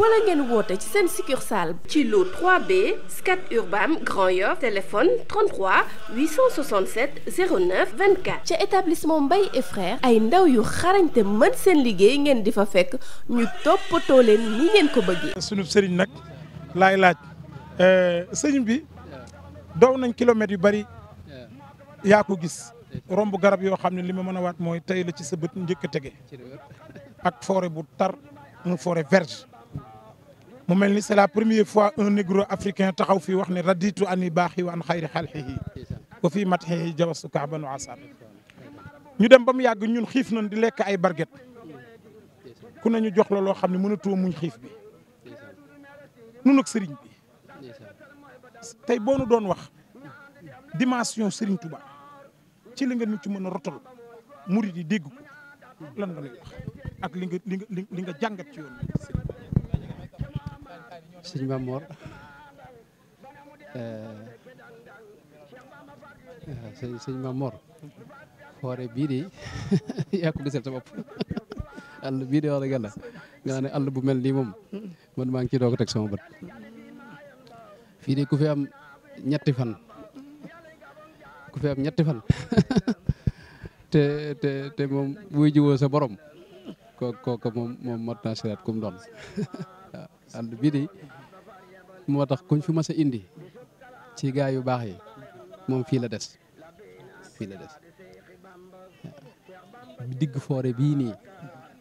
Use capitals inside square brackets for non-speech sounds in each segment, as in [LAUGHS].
wala ngeen woote ci seen succursale ci lu 3B Scat Urbam Grand Yoff téléphone 33 867 09 24 ca établissement Mbaye et frères ay ndaw yu xarañte mën seen liggéey ngeen di fa fekk ñu toppatoo leen ni ngeen ko bëggee sunu sëriñ nag laay laaj eh, sëriñ bi dow nañ kilomètres yu bari yaa ko gis romb garab yoo xam ne li ma mën waat mooy tey la ci sa bët njëkk a tege ak forêt bu tar une forêt verte mu mel ni c'est la première fois un négro africain taxaw fii wax ne raditu ani yi wa an xayri xalxihi wa fii matxihi jawastu kaabanu asar ñu dem ba mu yàgg ñun xiif nañ di lekk ay barget ku nañu jox la loo xam ne mënatoo muñ xiif bi nun ak sëriñ bi tey boo nu doon wax dimension Serigne Touba ci li nga nu ci mën a rotal murid yi dégg ko lan nga lay wax ak li nga li nga jàngat ci yoon sëñ Mamor sëñ sëñ Mamor bii de [LAUGHS] yaa ko gisal sa bopp àll bii de wax dëgg yàlla nga ne àll bu mel nii moom man maa ngi ciy doog a teg sama bët fii de ku fi am ñetti fan ku fi ñetti fan [LAUGHS] te te te moom buy jiwoo sa borom ko ko moom moom mat naa siraat kum doon [LAUGHS] ànd bi di moo tax kuñ fi mas a indi ci gaa yu baax yi moom fii la des fii la des digg foore bii nii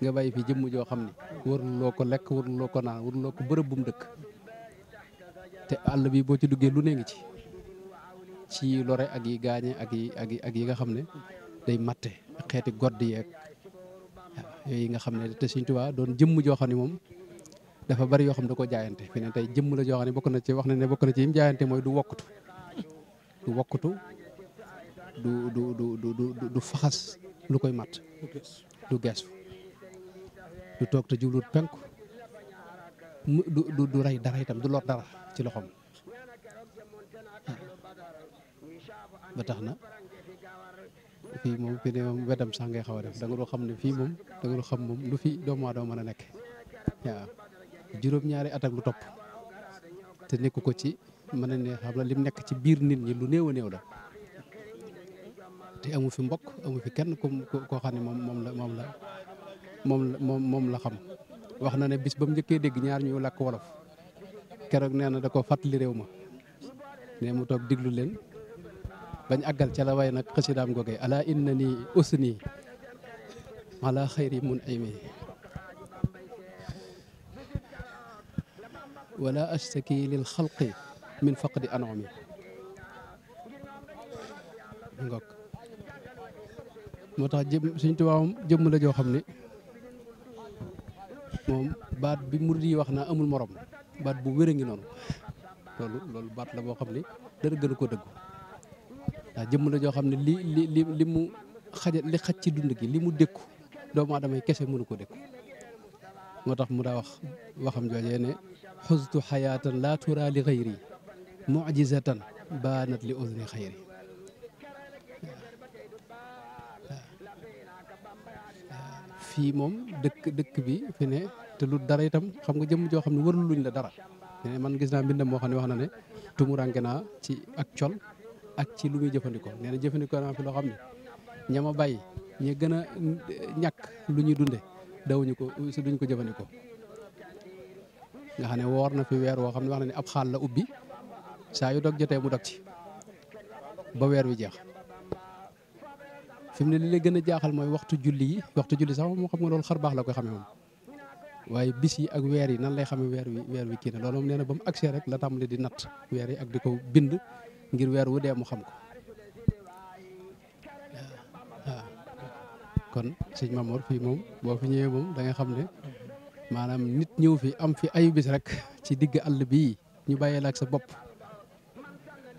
nga bàyyi fi jëmm joo xam ne waruloo ko lekk waruloo ko naan waruloo ko bërëb bu mu dëkk te àll bi boo ci duggee lu ne ngi ci ci lore ak yi gaañe ak yi ak ak yi nga xam ne day matte xeeti godd yeeg waaw yooyu nga xam ne te Sëñ Tuubaa doon jëmm joo xam ne moom dafa bari yoo xam ne da ko jaayante fi ne tay jëmm la joo xam ne bokk na ci wax na ne bokk na ci yim jaayante mooy du wokkutu du wokkutu du faxas lu koy mat du geesu du toog te jublut penku du du du rey dara itam du lor dara ci loxoom ah. ba tax na fii moom fii ne moom wetam sax ngay xaw a def da nga xam ne fii moom da nga xam moom lu fi doomu aadama mën a nekk juróom-ñaari at ak lu topp te nekku ko ci mën a ne xam la lim nekk ci biir nit ñi lu néew néew la te amu fi mbokk amu fi kenn ku koo xam ne moom la moom la moom moom la xam wax na ne bis ba mu njëkkee dégg ñaar ñu làkk wolof keroog nee na da ko fàttali réew ma ne mu toog diglu leen bañ àggal ca la way nag xësidaam googee indi na nii usni ala xayri mun aymi wala ashtaki lil xalqi min faqdi an'umi ngok moo tax jëm suñ tubaabam jëmm la joo xam ne moom baat bi mu di wax naa amul moroom baat bu wér ngi noonu loolu loolu baat la boo xam ne dara gën koo dëggu waa jëmm la joo xam ne li li li mu xaja li xaj ci dund gi li mu dékku doomu aadama kese mënu koo dékku moo tax mu daa wax waxam joojee ne xustu xayaatan laa turaa li xayri mujizatan baanat li udni xayri fii moom dëkk dëkk bi fi ne te lu dara itam xam nga jëmm joo xam ne warul luñ la dara ne man gis naa mbindam moo xam ne wax na ne tumuranke naa ci ak col ak ci lu muy jëfandikoo nee jëfandikoo naa fi loo xam ne ñama bàyyi ñi gën a ñàkk lu ñuy dunde dawuñu ko duñ ko jëfandikoo nga xam ne woor na fi weer woo xam ne wax na ne ab xaal la ubbi saa yu dog jotee mu dog ci ba weer wi jeex fi ne li lay gën a jaaxal mooy waxtu julli yi waxtu julli sax moom xam nga loolu xar baax la koy xamee moom waaye bis yi ak weer yi nan lay xamee weer wi weer wi kii na loolu moom nee ba mu agsee rek la tàmbali di natt weer yi ak di ko bind ngir weer wu dee mu xam ko kon sëñ Mamour fii moom boo fi ñëwee moom da xam ne maanaam nit ñëw fi am fi ayu bis rek ci digg àll bi ñu bàyyee la sa bopp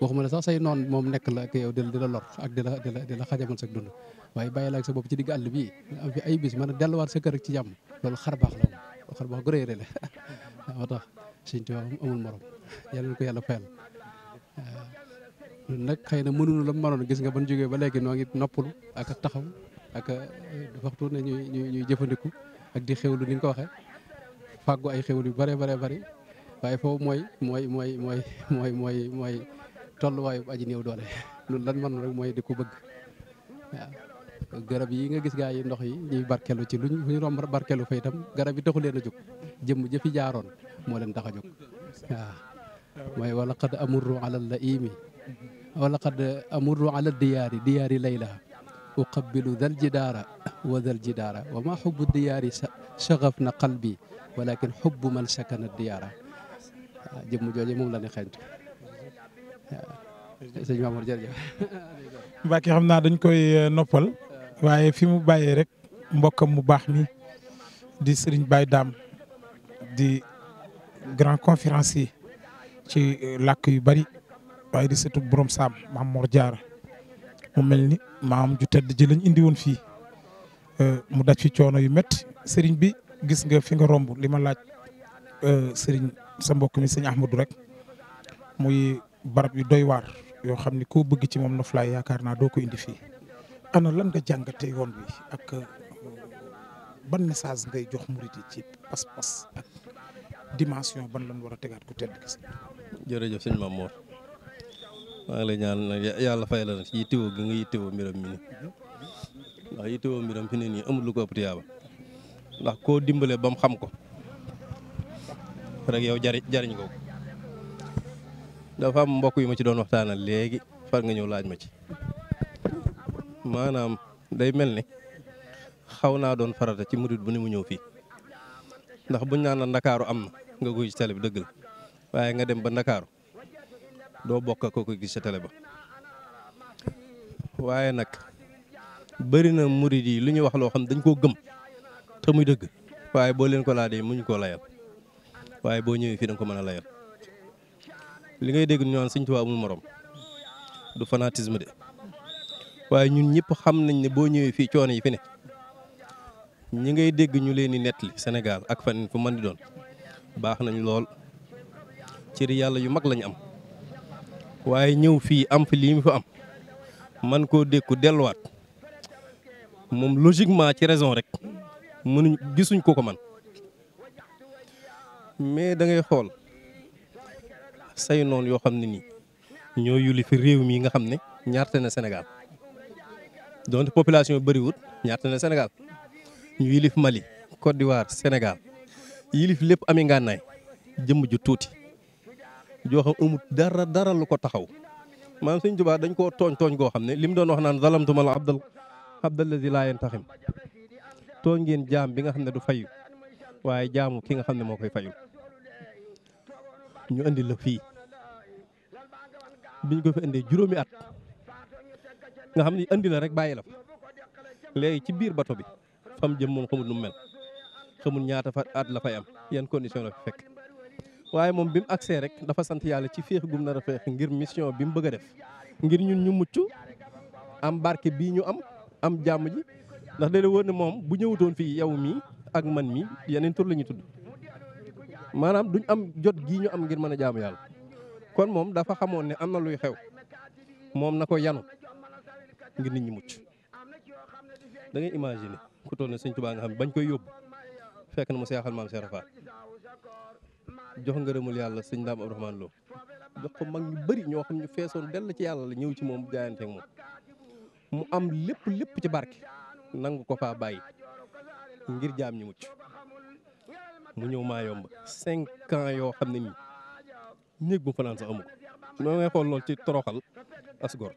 waxuma la sax say noon moom nekk la yow di la lor ak di la di la di la xajamal sa dund waaye bàyyee la ak sa bopp ci digg àll bii am fi ayu bis a delluwaat sa kër ci jàmm loolu xar baax la moom xar baax gu rëy la [LAUGHS] moo tax Sëñ Tuubaa amul morom yal na ko yàlla fayal ñun nag xëy na mënuñu la mënoon gis nga ban jógee ba léegi noo ngi noppalu ak taxaw ak waxtu ne ñuy ñuy ak di xewlu ni ko waxee. fàggu ay xéwal yu bare bare bari waaye foofu mooy mooy mooy mooy mooy mooy mooy tolluwaayu aji néew doole loolu lan man rek mooy di ko bëgg garab yi nga gis gaa yi ndox yi ñuy barkelu ci lu ñu romb barkelu fa itam garab yi taxu leen a jóg jëmm jëfi jaaroon moo leen tax a jóg waaw mooy wala qad amurru ala la imi wala qad amurru ala diyaari diyaari layla uqabbilu dal jidaara wa dal jidaara wa ma xubbu diyaari saxaf na qalbi walakin xubbu man sakana diyaara waaw jëmm jooju moom la ne xeeñtu xam naa dañ koy euh, noppal waaye fi mu bàyyee rek mbokkam mu baax mi di Serigne Baye Dame di grand conférencier ci euh, làkk yu bari waaye di sëtu borom saam Mamour Diarra mu mel ni maam ju tedd ji lañ indi woon fii euh, mu daj fi coono yu métti sëriñ bi gis nga fi nga romb li ma laaj euh, sëriñ sa mbokk mi sëñ Ahmadou rek muy barab yu doy waar yoo xam ni koo bëgg ci moom noflaay yaakaar naa doo ko indi fii ana lan nga jàngatee yoon bi ak euh, ban message ngay jox murit yi ci pas-pas ak dimension ban lan wara tegaat ku tedd gis. jërëjëf maa ngi lay ñaan nag yàlla fay la ci yittewoo gi nga yittewoo mbiram mi ni ndax yittewoo mbiram fi ne nii amul lu ko ëpp tiyaaba ndax koo dimbale ba mu xam ko rek yow jariñ jariñ ko dafa am mbokk yi ma ci doon waxtaanal léegi far nga ñëw laaj ma ci maanaam day mel ni xaw naa doon farata ci murit bu ni mu ñëw fii ndax buñ naan na ndakaaru am na nga koy ci tele dëgg la waaye nga dem ba ndakaaru doo bokk ak ko gis sa télé ba waaye nag bëri na murid yi lu ñu wax loo xam dañ koo gëm te muy dëgg waaye boo leen ko laajee muñ koo layal waaye boo ñëwee fii dañ ko mën a layal li ngay dégg ñu naan Sëñ Tuubaa amul morom du fanatisme de waaye ñun ñëpp xam nañ ne boo ñëwee fii coono yi fi ne ñi ngay dégg ñu leen di nettali Sénégal ak fan fu mën di doon baax nañu lool cër yàlla yu mag lañu am. waaye ñëw fii am fi lii mu fi am man koo dékku delluwaat moom logiquement ci raison rek mënuñ gisuñ ko ko man mais da ngay xool say noon yoo xam ne nii ñoo yuli fi réew mii nga xam ne ñaarte na Sénégal donc population yu bëriwut ñaarte na Sénégal ñu yilif Mali Côte d'Ivoire Sénégal yilif lépp ami ngànnaay jëmm ju tuuti joo amut dara dara lu ko taxaw maanaam Sëñ Tuubaa dañ koo tooñ tooñ goo xam ne li mu doon wax naan zalamtuma la abdal abdallazi laa taxim tooñ ngeen jaam bi nga xam ne du fayu waaye jaamu ki nga xam ne moo koy fayu ñu indi la fii biñ ko fi indee juróomi at nga xam ne indi la rek bàyyi la fa léegi ci biir bato bi fam jëm moom xamul nu mu mel xamul ñaata fa at la fay am yan condition la fi fekk waaye moom bi mu agsee rek dafa sant yàlla ci féex gum nar a ngir mission bi mu bëgg a def ngir ñun ñu mucc am barke bii ñu am am jàmm ji ndax da woon wër moom bu ñëwutoon fii yow mii ak man mi yeneen tur la ñuy tudd maanaam duñ am jot gii ñu am ngir mën a jaamu yàlla kon moom dafa xamoon ne am na luy xew moom na ko yanu ngir nit ñi mucc da ngay imaginer ku toll ne Sëñ Tuubaa nga xam bañ koy yóbbu fekk na mu seexal maam Serapha jox ngërëmul yàlla sëñ Daam Abdourahmane Lo jox ko mag ñu bëri ñoo xam ñu feesoon dell ci yàlla la ñëw ci moom jaayante ak moom mu am lépp lépp ci barke nangu ko faa bàyyi ngir jaam ñu mucc mu ñëw maa yomb cinq ans yoo xam ne nii néeg bu fanaan sax amu ko lool ci toroxal as gor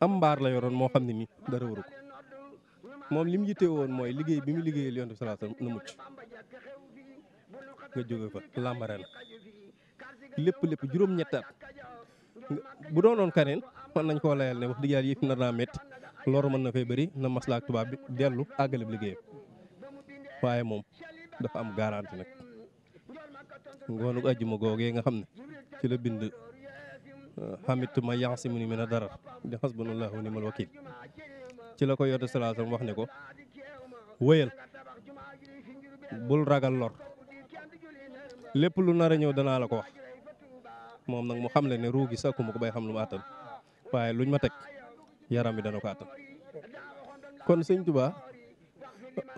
am mbaar la yoroon moo xam ne nii dara waru ko moom li mu yitte woon mooy liggéey bi mu liggéeyal yonent bi salaatu na mucc nga jóge fa làmbare na lépp lépp juróom-ñetti at bu doonoon kaneen mën nañ koo layal ne wax dëgg yàlla yëf na naa métti loru mën na fay bëri na maslaak tubaab bi dellu àggale bi liggéeyam waaye moom dafa am garanti nag ngoonu ajjuma googee nga xam ne ci la bind xamitu euh, ma yansi mu ni dara di xasbunallahu wa ni'mal wakiil ci la ko yoote salaasam wax ne ko wëyal bul ragal lor lépp lu nar a ñëw danaa la ko wax moom nag mu xamle ne ruu gi sàkku ko bay xam lu ma àttan waaye luñ ma teg yaram bi dana ko àttan kon sëñ Tuubaa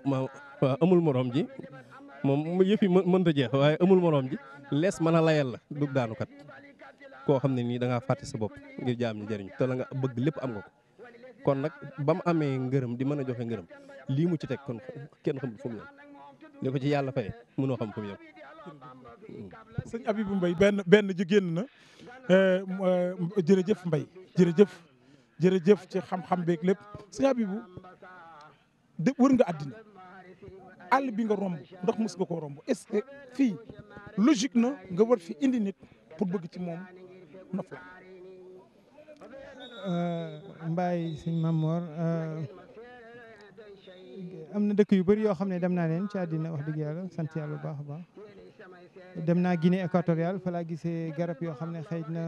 ma amul morom ji moom yëf yi mënta jeex waaye amul morom ji lees mën a layal la dugg daanu kat koo xam ne nii da ngaa fàtte sa bopp ngir jaam ñi jëriñu te la nga bëgg lépp am nga ko kon nag ba mu amee ngërëm di mën a joxe ngërëm lii mu ci teg kon kenn xamul fu mu yem li ko ci yàlla fay mënoo xam fu mu yem sëñ Abibou mbay benn benn ji génn na eh, jërëjëf Mbaye jërëjëf jërëjëf ci xam-xam beeg lépp sëñ Abibou de wër nga àddina àll bi nga romb ndax mos nga koo romb est-ce que fii logique na nga wër fi indi nit pour bëgg ci moom nof la euh, Mbaye sëñ Mamor euh, am na dëkk yu bari yoo xam ne dem naa neen ci àddina wax dëgg yàlla sant yàlla bu baax a baax dem naa Guinée équatoriale fa laa gisee garab yoo xam ne xëy na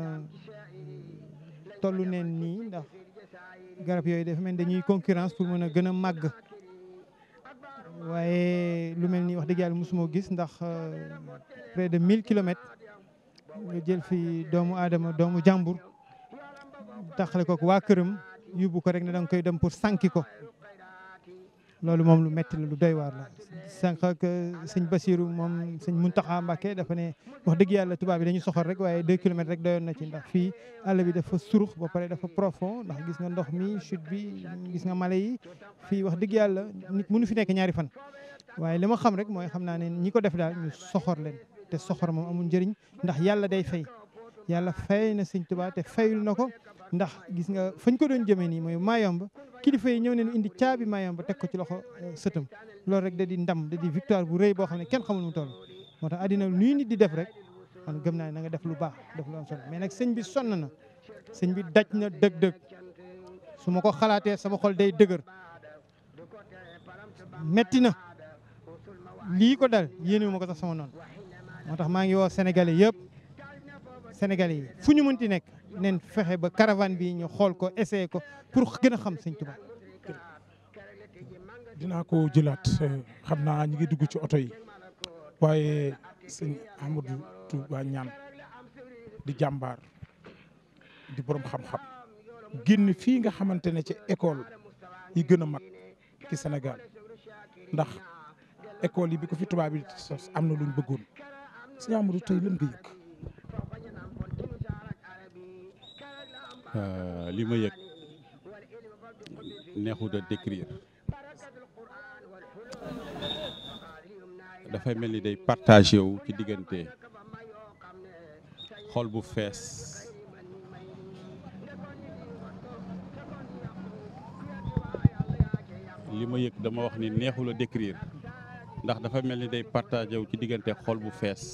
tollu neen nii ndax garab yooyu dafa mel dañuy concurrence pour mën a gën a màgg waaye lu mel ni wax dëgg yàlla mosumoo gis ndax euh, près de mille kilomètres nga jël fi doomu aadama doomu jàmbur taxale ko waa këram yóbbu ko rek ne danga koy dem pour sànki ko loolu moom lu métti la lu doy waar la sànq ak euh, sëñ Basiru moom sëñ Muntaxa Mbàkke dafa ne wax dëgg yàlla tubaab bi dañu soxor rek waaye deux kilomètres rek doyoon na ci ndax fii àll bi dafa surux ba pare dafa profond ndax gis nga ndox mi sut bi gis nga mala yi fii wax dëgg yàlla nit munu fi nekk ñaari fan waaye li ma xam rek mooy xam naa ne ñi ko def daal ñu soxor leen te soxor moom amuñ njëriñ ndax yàlla day fay yàlla fay na sëñ Tuubaa te fayul na ko ndax gis nga fañ ko doon jëmee nii mooy Mayomba kilifa yi ñëw nañu indi caabi Mayomba teg ko ci loxo euh, sëtam loolu rek da di ndam da di victoire bu rëy boo xam ne kenn xamul mu toll moo tax àddina nuy nit di def rek man gëm naa ne na nga def lu baax def lu am solo mais nag sëñ bi sonn na sëñ bi daj na dëg-dëg su ma ko xalaatee sama xol day dëgër metti na lii ko dal yéene ma ko sax sama noonu moo tax maa ngi woo Sénégalais yëpp Sénégalais yi fu ñu mënti nekk nen fexe ba caravane bi ñu xool ko essayé ko pour gën a xam Sëñ Tuubaa dinaa ko jëlaat xam naa ñu ngi dugg ci oto yi waaye sëñ Ahmadou Touba ñaan di jàmbaar di borom xam-xam génn fii nga xamante ne ci école yi gën a mag ci Sénégal ndax école yi bi ko fi tubaab yi sos am na luñ bëggoon sëñ Ahmadou tey lan nga yëg Euh, li ma yëg neexut a décrire dafay mel ni day partagé ci diggante xol bu fees li ma yëg dama wax ni neexul a décrire ndax dafa mel ni day partagé wu ci diggante xol bu fees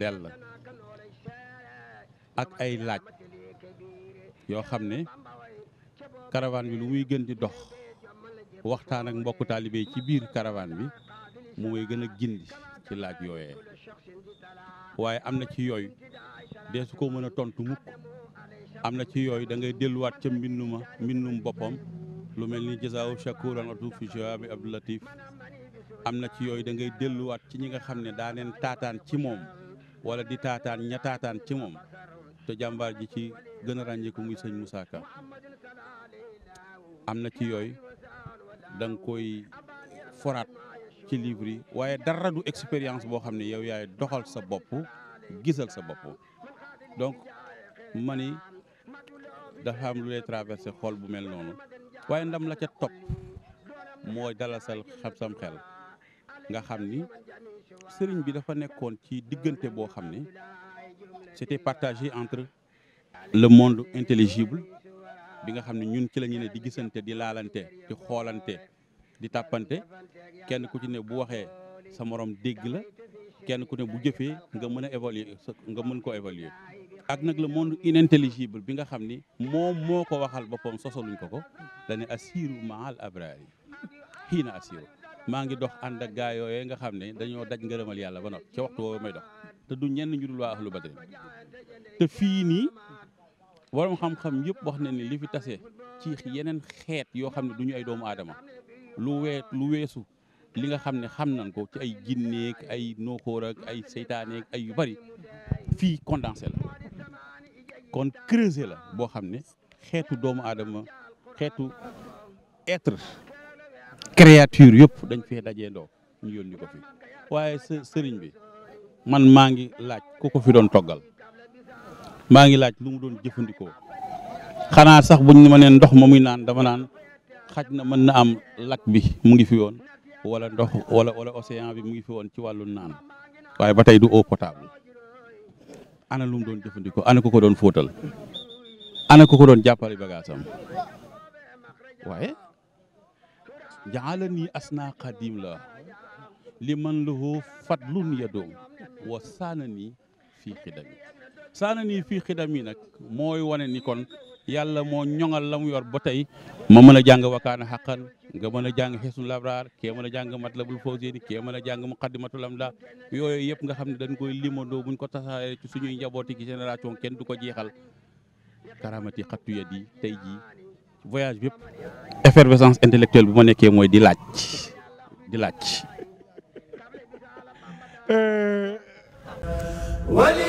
dell ak ay laaj yoo xam ne caravane bi lu muy gën di dox waxtaan ak mbokku ci biir caravane bi mu may gën a gind ci laaj yooyee waaye am na ci yooyu deesu ko mën a tontu mukk am na ci yooyu da ngay delluwaat ca mbinduma mbindum boppam lu mel ni jasaaw shakuran atu fi jawaabi abdou latif am na ci yooyu dangay ngay ci ñi nga xam ne daa taataan ci moom wala di taataan ña taataan ci moom te ji ci gën ràññeeku muy sëñ Moussa Ka am na ci yooyu da koy foraat ci livre yi waaye dara du expérience boo xam ne yow yaay doxal sa bopp gisal sa bopp donc mani dafa am lu lay traversé xol bu mel noonu waaye ndam la ca topp mooy dalasal xam sam xel nga xam ni sëriñ bi dafa nekkoon ci diggante boo xam ne c'était partagé entre le monde intelligible bi nga xam ne ñun ci la ñu ne di gisante di laalante di xoolante di tàppante kenn ku ci ne bu waxee sa moroom dégg la kenn ku ne bu jëfee nga mën a évaluer nga mën ko évaluer ak nag le monde inintelligible bi nga xam ni moom moo ko waxal boppam sosaluñ ko ko dane assiru maal abraar yi xiina assiru maa ngi dox ànd ak gaa yooyee nga xam ne dañoo daj ngërëmal yàlla ba noppi ca waxtu woowu may dox te du ñenn ñu dul waa ahlu badrin te fii waroom xam-xam yëpp wax na ni li fi tase ci yeneen xeet yoo xam ne du ñu ay doomu adama lu weet lu weesu li nga xam ne xam nañ ko ci ay jinneeg ay nooxóor ay seytaaneeg ay yu bari fii condensé la kon creusé la boo xam ne xeetu doomu aadama xeetu être créature yëpp dañ fee dajee ndoo ñu yónni fi waaye sëriñ bi man maa ngi laaj ku ko fi doon toggal maa ngi laaj lu mu doon jëfandikoo xanaa sax buñ ma neen ndox ma muy naan dama naan xaj na mën na am lac bi mu ngi fi woon wala ndox wala wala océan bi mu ngi fi woon ci wàllu naan waaye ba tey du eau potable ana lu doon jëfandikoo ana ko ko doon fóotal ana ko ko doon jàppale bagaasam waaye jaala ni asna xadim la li man lahu fadlun yadoom wa saana nii fii xidami saana nii fii xidam yi nag mooy wane ni kon yàlla moo ñoŋal la mu yor ba tey ma mën a jàng wakaana xaqan nga mën a jàng xeesul labraar kee mën a jàng matlabul fawzeyni kee mën a jàng muqaddimatul amda yooyu yëpp nga xam ne dañ koy limandoo buñ ko tasaaree ci suñuy njabooti gi génération kenn du ko jeexal karamati xattu tey jii voyage bépp effervescence intellectuelle bu ma nekkee mooy di laaj di laaj eh. wali